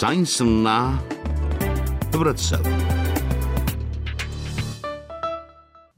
ሳይንስና ህብረተሰብ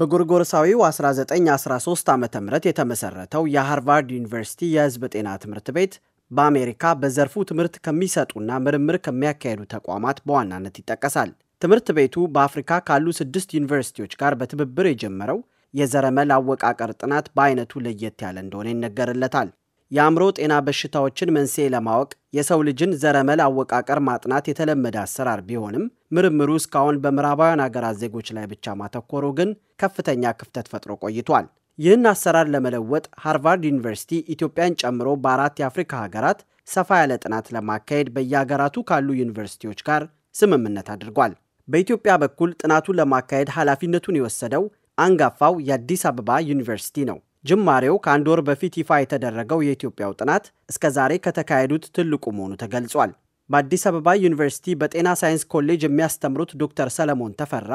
በጎርጎርሳዊው 1913 ዓ ም የተመሠረተው የሃርቫርድ ዩኒቨርሲቲ የሕዝብ ጤና ትምህርት ቤት በአሜሪካ በዘርፉ ትምህርት ከሚሰጡና ምርምር ከሚያካሄዱ ተቋማት በዋናነት ይጠቀሳል። ትምህርት ቤቱ በአፍሪካ ካሉ ስድስት ዩኒቨርሲቲዎች ጋር በትብብር የጀመረው የዘረመል አወቃቀር ጥናት በአይነቱ ለየት ያለ እንደሆነ ይነገርለታል። የአእምሮ ጤና በሽታዎችን መንስኤ ለማወቅ የሰው ልጅን ዘረመል አወቃቀር ማጥናት የተለመደ አሰራር ቢሆንም ምርምሩ እስካሁን በምዕራባውያን አገራት ዜጎች ላይ ብቻ ማተኮሩ ግን ከፍተኛ ክፍተት ፈጥሮ ቆይቷል። ይህን አሰራር ለመለወጥ ሃርቫርድ ዩኒቨርሲቲ ኢትዮጵያን ጨምሮ በአራት የአፍሪካ ሀገራት ሰፋ ያለ ጥናት ለማካሄድ በየሀገራቱ ካሉ ዩኒቨርሲቲዎች ጋር ስምምነት አድርጓል። በኢትዮጵያ በኩል ጥናቱን ለማካሄድ ኃላፊነቱን የወሰደው አንጋፋው የአዲስ አበባ ዩኒቨርሲቲ ነው። ጅማሬው ከአንድ ወር በፊት ይፋ የተደረገው የኢትዮጵያው ጥናት እስከ ዛሬ ከተካሄዱት ትልቁ መሆኑ ተገልጿል። በአዲስ አበባ ዩኒቨርሲቲ በጤና ሳይንስ ኮሌጅ የሚያስተምሩት ዶክተር ሰለሞን ተፈራ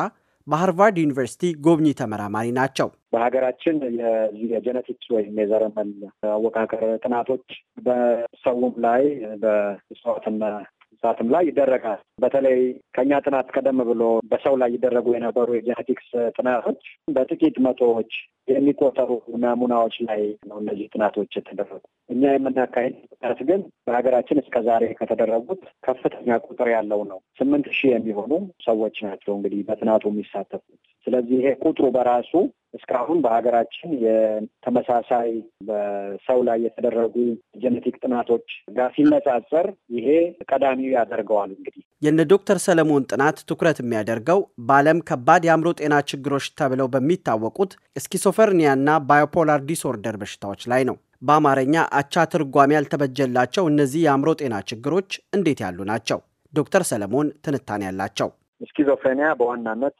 በሃርቫርድ ዩኒቨርሲቲ ጎብኚ ተመራማሪ ናቸው። በሀገራችን የጀነቲክስ ወይም የዘረመል አወቃቀር ጥናቶች በሰውም ላይ በእጽዋትና እንስሳትም ላይ ይደረጋል። በተለይ ከኛ ጥናት ቀደም ብሎ በሰው ላይ ይደረጉ የነበሩ የጄኔቲክስ ጥናቶች በጥቂት መቶዎች የሚቆጠሩ ናሙናዎች ላይ ነው እነዚህ ጥናቶች የተደረጉ። እኛ የምናካሄድ ጥናት ግን በሀገራችን እስከ ዛሬ ከተደረጉት ከፍተኛ ቁጥር ያለው ነው። ስምንት ሺህ የሚሆኑ ሰዎች ናቸው እንግዲህ በጥናቱ የሚሳተፉት። ስለዚህ ይሄ ቁጥሩ በራሱ እስካሁን በሀገራችን የተመሳሳይ በሰው ላይ የተደረጉ ጀኔቲክ ጥናቶች ጋር ሲነጻጸር ይሄ ቀዳሚው ያደርገዋል። እንግዲህ የነ ዶክተር ሰለሞን ጥናት ትኩረት የሚያደርገው በዓለም ከባድ የአእምሮ ጤና ችግሮች ተብለው በሚታወቁት ስኪሶፈርኒያና ባዮፖላር ዲስኦርደር በሽታዎች ላይ ነው። በአማርኛ አቻ ትርጓሜ ያልተበጀላቸው እነዚህ የአእምሮ ጤና ችግሮች እንዴት ያሉ ናቸው? ዶክተር ሰለሞን ትንታኔ ያላቸው ስኪዞፍሬኒያ በዋናነት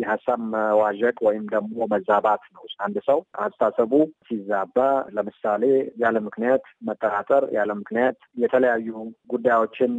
የሀሳብ መዋዠቅ ወይም ደግሞ መዛባት ነው። አንድ ሰው አስተሳሰቡ ሲዛባ፣ ለምሳሌ ያለ ምክንያት መጠራጠር፣ ያለ ምክንያት የተለያዩ ጉዳዮችን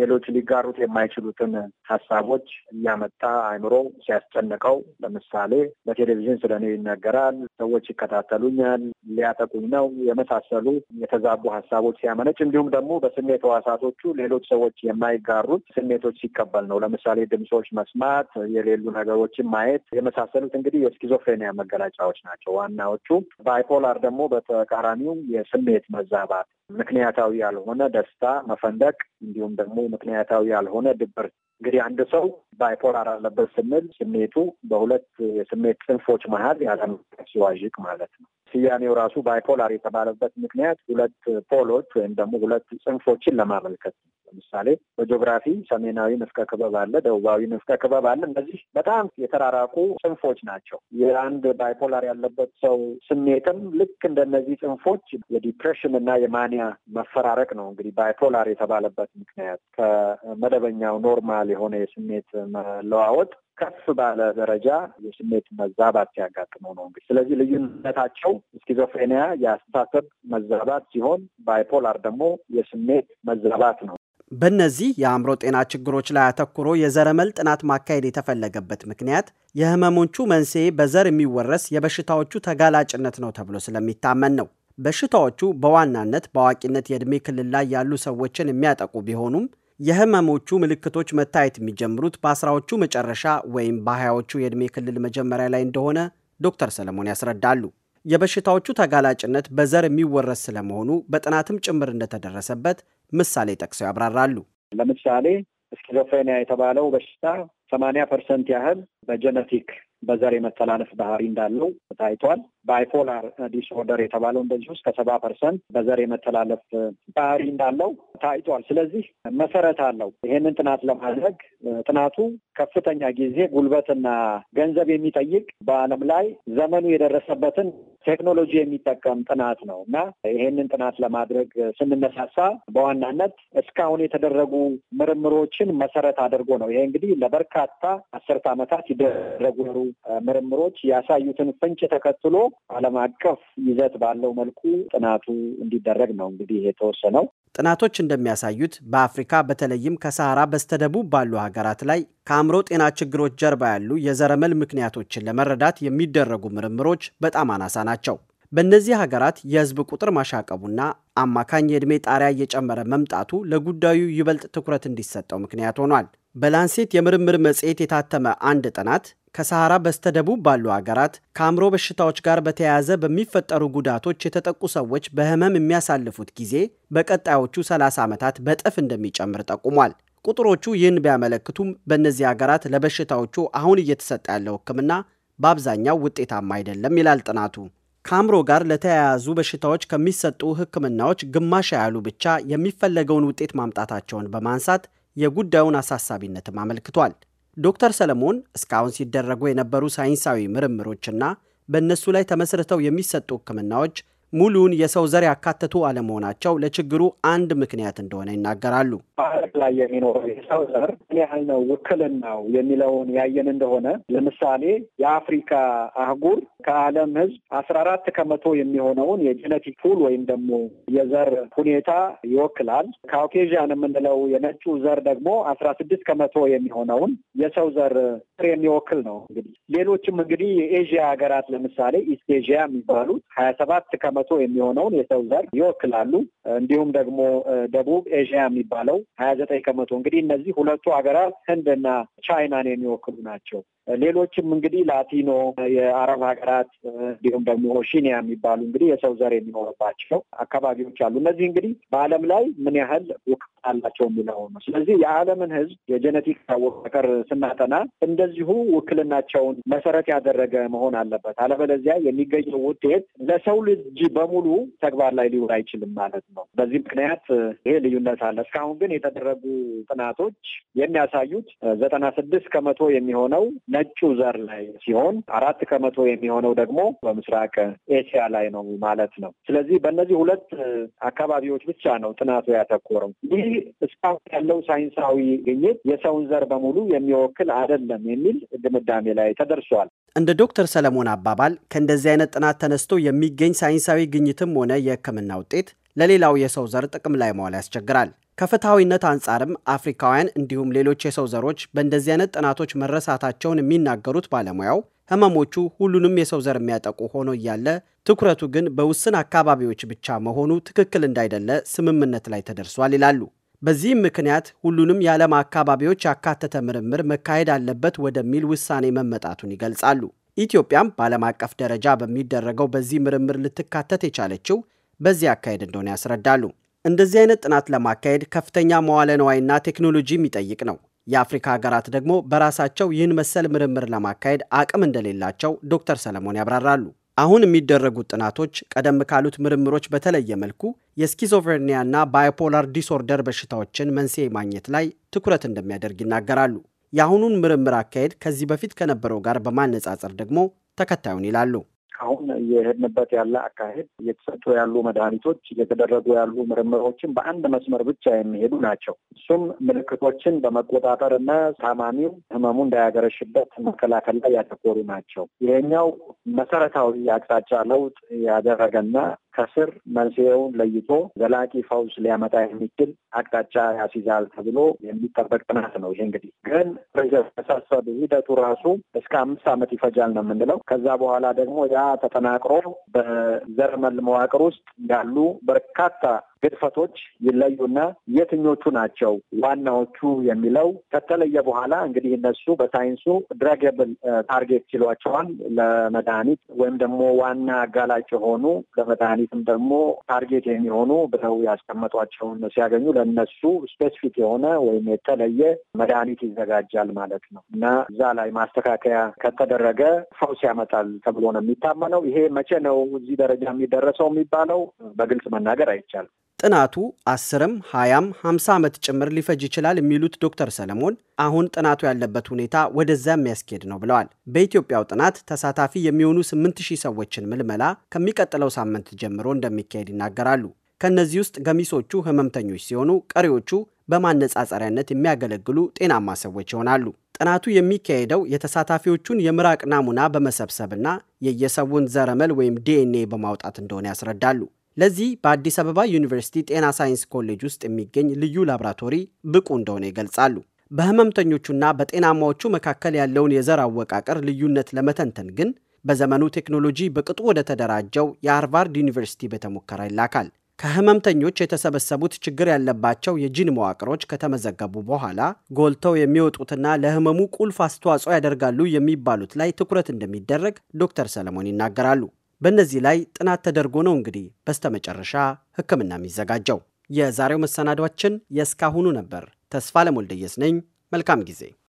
ሌሎች ሊጋሩት የማይችሉትን ሀሳቦች እያመጣ አይምሮ ሲያስጨንቀው፣ ለምሳሌ በቴሌቪዥን ስለ እኔ ይነገራል፣ ሰዎች ይከታተሉኛል፣ ሊያጠቁኝ ነው የመሳሰሉ የተዛቡ ሀሳቦች ሲያመነጭ፣ እንዲሁም ደግሞ በስሜት ህዋሳቶቹ ሌሎች ሰዎች የማይጋሩት ስሜቶች ሲቀበል ነው። ለምሳሌ ድምፆች መስማት፣ የሌሉ ነገሮችን ማየት የመሳሰሉት እንግዲህ የስኪዞፍሬኒያ መገለጫዎች ናቸው ዋናዎቹ። ባይፖላር ደግሞ በተቃራኒው የስሜት መዛባት ምክንያታዊ ያልሆነ ደስታ መፈንደቅ፣ እንዲሁም ደግሞ ምክንያታዊ ያልሆነ ድብርት እንግዲህ አንድ ሰው ባይፖላር አለበት ስንል ስሜቱ በሁለት የስሜት ጽንፎች መሀል ያለ ሲዋዥቅ ማለት ነው። ስያሜው ራሱ ባይፖላር የተባለበት ምክንያት ሁለት ፖሎች ወይም ደግሞ ሁለት ጽንፎችን ለማመልከት ነው። ለምሳሌ በጂኦግራፊ ሰሜናዊ ንፍቀ ክበብ አለ፣ ደቡባዊ ንፍቀ ክበብ አለ። እነዚህ በጣም የተራራቁ ጽንፎች ናቸው። የአንድ ባይፖላር ያለበት ሰው ስሜትም ልክ እንደነዚህ ጽንፎች የዲፕሬሽን እና የማኒ ከፍተኛ መፈራረቅ ነው እንግዲህ ባይፖላር የተባለበት ምክንያት ከመደበኛው ኖርማል የሆነ የስሜት መለዋወጥ ከፍ ባለ ደረጃ የስሜት መዛባት ሲያጋጥመው ነው እንግዲህ። ስለዚህ ልዩነታቸው ስኪዞፍሬኒያ የአስተሳሰብ መዛባት ሲሆን፣ ባይፖላር ደግሞ የስሜት መዛባት ነው። በእነዚህ የአእምሮ ጤና ችግሮች ላይ አተኩሮ የዘረመል ጥናት ማካሄድ የተፈለገበት ምክንያት የህመሞቹ መንስኤ በዘር የሚወረስ የበሽታዎቹ ተጋላጭነት ነው ተብሎ ስለሚታመን ነው። በሽታዎቹ በዋናነት በአዋቂነት የዕድሜ ክልል ላይ ያሉ ሰዎችን የሚያጠቁ ቢሆኑም የህመሞቹ ምልክቶች መታየት የሚጀምሩት በአስራዎቹ መጨረሻ ወይም በሀያዎቹ የዕድሜ ክልል መጀመሪያ ላይ እንደሆነ ዶክተር ሰለሞን ያስረዳሉ። የበሽታዎቹ ተጋላጭነት በዘር የሚወረስ ስለመሆኑ በጥናትም ጭምር እንደተደረሰበት ምሳሌ ጠቅሰው ያብራራሉ። ለምሳሌ ስኪዞፍሬኒያ የተባለው በሽታ ሰማንያ ፐርሰንት ያህል በጀነቲክ በዘር የመተላለፍ ባህሪ እንዳለው ታይቷል። ባይፖላር ዲስኦርደር የተባለው እንደዚህ ውስጥ ከሰባ ፐርሰንት በዘር የመተላለፍ ባህሪ እንዳለው ታይቷል። ስለዚህ መሰረት አለው። ይሄንን ጥናት ለማድረግ ጥናቱ ከፍተኛ ጊዜ ጉልበትና ገንዘብ የሚጠይቅ በዓለም ላይ ዘመኑ የደረሰበትን ቴክኖሎጂ የሚጠቀም ጥናት ነው እና ይሄንን ጥናት ለማድረግ ስንነሳሳ በዋናነት እስካሁን የተደረጉ ምርምሮችን መሰረት አድርጎ ነው። ይሄ እንግዲህ ለበርካታ አስርት ዓመታት ይደረጉ ምርምሮች ያሳዩትን ፍንጭ ተከትሎ ዓለም አቀፍ ይዘት ባለው መልኩ ጥናቱ እንዲደረግ ነው እንግዲህ የተወሰነው። ጥናቶች እንደሚያሳዩት በአፍሪካ በተለይም ከሰሃራ በስተደቡብ ባሉ ሀገራት ላይ ከአእምሮ ጤና ችግሮች ጀርባ ያሉ የዘረመል ምክንያቶችን ለመረዳት የሚደረጉ ምርምሮች በጣም አናሳ ናቸው። በእነዚህ ሀገራት የህዝብ ቁጥር ማሻቀቡና አማካኝ የዕድሜ ጣሪያ እየጨመረ መምጣቱ ለጉዳዩ ይበልጥ ትኩረት እንዲሰጠው ምክንያት ሆኗል። በላንሴት የምርምር መጽሔት የታተመ አንድ ጥናት ከሰሃራ በስተደቡብ ባሉ አገራት ከአእምሮ በሽታዎች ጋር በተያያዘ በሚፈጠሩ ጉዳቶች የተጠቁ ሰዎች በህመም የሚያሳልፉት ጊዜ በቀጣዮቹ 30 ዓመታት በጥፍ እንደሚጨምር ጠቁሟል። ቁጥሮቹ ይህን ቢያመለክቱም በእነዚህ አገራት ለበሽታዎቹ አሁን እየተሰጠ ያለው ሕክምና በአብዛኛው ውጤታማ አይደለም ይላል ጥናቱ። ከአእምሮ ጋር ለተያያዙ በሽታዎች ከሚሰጡ ሕክምናዎች ግማሽ ያሉ ብቻ የሚፈለገውን ውጤት ማምጣታቸውን በማንሳት የጉዳዩን አሳሳቢነትም አመልክቷል። ዶክተር ሰለሞን እስካሁን ሲደረጉ የነበሩ ሳይንሳዊ ምርምሮችና በእነሱ ላይ ተመስርተው የሚሰጡ ሕክምናዎች ሙሉውን የሰው ዘር ያካተቱ አለመሆናቸው ለችግሩ አንድ ምክንያት እንደሆነ ይናገራሉ። በአረብ ላይ የሚኖረው የሰው ዘር ምን ያህል ነው ውክልናው የሚለውን ያየን እንደሆነ ለምሳሌ የአፍሪካ አህጉር ከዓለም ሕዝብ አስራ አራት ከመቶ የሚሆነውን የጄኔቲክ ፑል ወይም ደግሞ የዘር ሁኔታ ይወክላል። ካውኬዥያን የምንለው የነጩ ዘር ደግሞ አስራ ስድስት ከመቶ የሚሆነውን የሰው ዘር የሚወክል ነው። እንግዲህ ሌሎችም እንግዲህ የኤዥያ ሀገራት ለምሳሌ ኢስት ኤዥያ የሚባሉት ሀያ ሰባት ከመ በመቶ የሚሆነውን የሰው ዘር ይወክላሉ። እንዲሁም ደግሞ ደቡብ ኤዥያ የሚባለው ሀያ ዘጠኝ ከመቶ እንግዲህ እነዚህ ሁለቱ ሀገራት ህንድና ቻይናን የሚወክሉ ናቸው። ሌሎችም እንግዲህ ላቲኖ የአረብ ሀገራት እንዲሁም ደግሞ ኦሺኒያ የሚባሉ እንግዲህ የሰው ዘር የሚኖርባቸው አካባቢዎች አሉ። እነዚህ እንግዲህ በዓለም ላይ ምን ያህል ውክል አላቸው የሚለው ነው። ስለዚህ የዓለምን ሕዝብ የጀነቲክ አወቃቀር ስናጠና እንደዚሁ ውክልናቸውን መሰረት ያደረገ መሆን አለበት። አለበለዚያ የሚገኘው ውጤት ለሰው ልጅ በሙሉ ተግባር ላይ ሊውል አይችልም ማለት ነው። በዚህ ምክንያት ይሄ ልዩነት አለ። እስካሁን ግን የተደረጉ ጥናቶች የሚያሳዩት ዘጠና ስድስት ከመቶ የሚሆነው ነጩ ዘር ላይ ሲሆን አራት ከመቶ የሚሆነው ደግሞ በምስራቅ ኤሲያ ላይ ነው ማለት ነው። ስለዚህ በእነዚህ ሁለት አካባቢዎች ብቻ ነው ጥናቱ ያተኮረው። ይህ እስካሁን ያለው ሳይንሳዊ ግኝት የሰውን ዘር በሙሉ የሚወክል አይደለም የሚል ድምዳሜ ላይ ተደርሷል። እንደ ዶክተር ሰለሞን አባባል ከእንደዚህ አይነት ጥናት ተነስቶ የሚገኝ ሳይንሳዊ ግኝትም ሆነ የሕክምና ውጤት ለሌላው የሰው ዘር ጥቅም ላይ መዋል ያስቸግራል። ከፍትሐዊነት አንጻርም አፍሪካውያን እንዲሁም ሌሎች የሰው ዘሮች በእንደዚህ አይነት ጥናቶች መረሳታቸውን የሚናገሩት ባለሙያው ህመሞቹ ሁሉንም የሰው ዘር የሚያጠቁ ሆኖ እያለ ትኩረቱ ግን በውስን አካባቢዎች ብቻ መሆኑ ትክክል እንዳይደለ ስምምነት ላይ ተደርሷል ይላሉ። በዚህም ምክንያት ሁሉንም የዓለም አካባቢዎች ያካተተ ምርምር መካሄድ አለበት ወደሚል ውሳኔ መመጣቱን ይገልጻሉ። ኢትዮጵያም በዓለም አቀፍ ደረጃ በሚደረገው በዚህ ምርምር ልትካተት የቻለችው በዚህ አካሄድ እንደሆነ ያስረዳሉ። እንደዚህ አይነት ጥናት ለማካሄድ ከፍተኛ መዋለ ነዋይና ቴክኖሎጂ የሚጠይቅ ነው። የአፍሪካ ሀገራት ደግሞ በራሳቸው ይህን መሰል ምርምር ለማካሄድ አቅም እንደሌላቸው ዶክተር ሰለሞን ያብራራሉ። አሁን የሚደረጉት ጥናቶች ቀደም ካሉት ምርምሮች በተለየ መልኩ የስኪዞፍሬኒያና ባይፖላር ዲስኦርደር በሽታዎችን መንስኤ ማግኘት ላይ ትኩረት እንደሚያደርግ ይናገራሉ። የአሁኑን ምርምር አካሄድ ከዚህ በፊት ከነበረው ጋር በማነጻጸር ደግሞ ተከታዩን ይላሉ። እስካሁን እየሄድንበት ያለ አካሄድ እየተሰጡ ያሉ መድኃኒቶች፣ እየተደረጉ ያሉ ምርምሮችን በአንድ መስመር ብቻ የሚሄዱ ናቸው። እሱም ምልክቶችን በመቆጣጠር እና ታማሚው ህመሙ እንዳያገረሽበት መከላከል ላይ ያተኮሩ ናቸው። ይሄኛው መሰረታዊ አቅጣጫ ለውጥ ያደረገና ከስር መንስኤውን ለይቶ ዘላቂ ፈውስ ሊያመጣ የሚችል አቅጣጫ ያስይዛል ተብሎ የሚጠበቅ ጥናት ነው። ይሄ እንግዲህ ግን መሳሰብ ሂደቱ ራሱ እስከ አምስት ዓመት ይፈጃል ነው የምንለው። ከዛ በኋላ ደግሞ ያ ተጠናቅሮ በዘረመል መዋቅር ውስጥ ያሉ በርካታ ግድፈቶች ይለዩና የትኞቹ ናቸው ዋናዎቹ የሚለው ከተለየ በኋላ እንግዲህ እነሱ በሳይንሱ ድራገብል ታርጌት ይሏቸዋል። ለመድኃኒት ወይም ደግሞ ዋና አጋላጭ የሆኑ ለመድኃኒትም ደግሞ ታርጌት የሚሆኑ ብለው ያስቀመጧቸውን ሲያገኙ ለነሱ ስፔሲፊክ የሆነ ወይም የተለየ መድኃኒት ይዘጋጃል ማለት ነው እና እዛ ላይ ማስተካከያ ከተደረገ ፈውስ ያመጣል ተብሎ ነው የሚታመነው። ይሄ መቼ ነው እዚህ ደረጃ የሚደረሰው የሚባለው በግልጽ መናገር አይቻልም። ጥናቱ አስርም 20ም 50 ዓመት ጭምር ሊፈጅ ይችላል የሚሉት ዶክተር ሰለሞን አሁን ጥናቱ ያለበት ሁኔታ ወደዛ የሚያስኬድ ነው ብለዋል። በኢትዮጵያው ጥናት ተሳታፊ የሚሆኑ ስምንት ሺህ ሰዎችን ምልመላ ከሚቀጥለው ሳምንት ጀምሮ እንደሚካሄድ ይናገራሉ። ከእነዚህ ውስጥ ገሚሶቹ ህመምተኞች ሲሆኑ፣ ቀሪዎቹ በማነጻጸሪያነት የሚያገለግሉ ጤናማ ሰዎች ይሆናሉ። ጥናቱ የሚካሄደው የተሳታፊዎቹን የምራቅ ናሙና በመሰብሰብና የየሰውን ዘረመል ወይም ዲኤንኤ በማውጣት እንደሆነ ያስረዳሉ። ለዚህ በአዲስ አበባ ዩኒቨርሲቲ ጤና ሳይንስ ኮሌጅ ውስጥ የሚገኝ ልዩ ላብራቶሪ ብቁ እንደሆነ ይገልጻሉ። በህመምተኞቹና በጤናማዎቹ መካከል ያለውን የዘር አወቃቀር ልዩነት ለመተንተን ግን በዘመኑ ቴክኖሎጂ በቅጡ ወደ ተደራጀው የሃርቫርድ ዩኒቨርሲቲ ቤተ ሙከራ ይላካል። ከህመምተኞች የተሰበሰቡት ችግር ያለባቸው የጂን መዋቅሮች ከተመዘገቡ በኋላ ጎልተው የሚወጡትና ለህመሙ ቁልፍ አስተዋጽኦ ያደርጋሉ የሚባሉት ላይ ትኩረት እንደሚደረግ ዶክተር ሰለሞን ይናገራሉ። በእነዚህ ላይ ጥናት ተደርጎ ነው እንግዲህ በስተመጨረሻ ሕክምና የሚዘጋጀው። የዛሬው መሰናዷችን የእስካሁኑ ነበር። ተስፋ ለሞልደየስ ነኝ። መልካም ጊዜ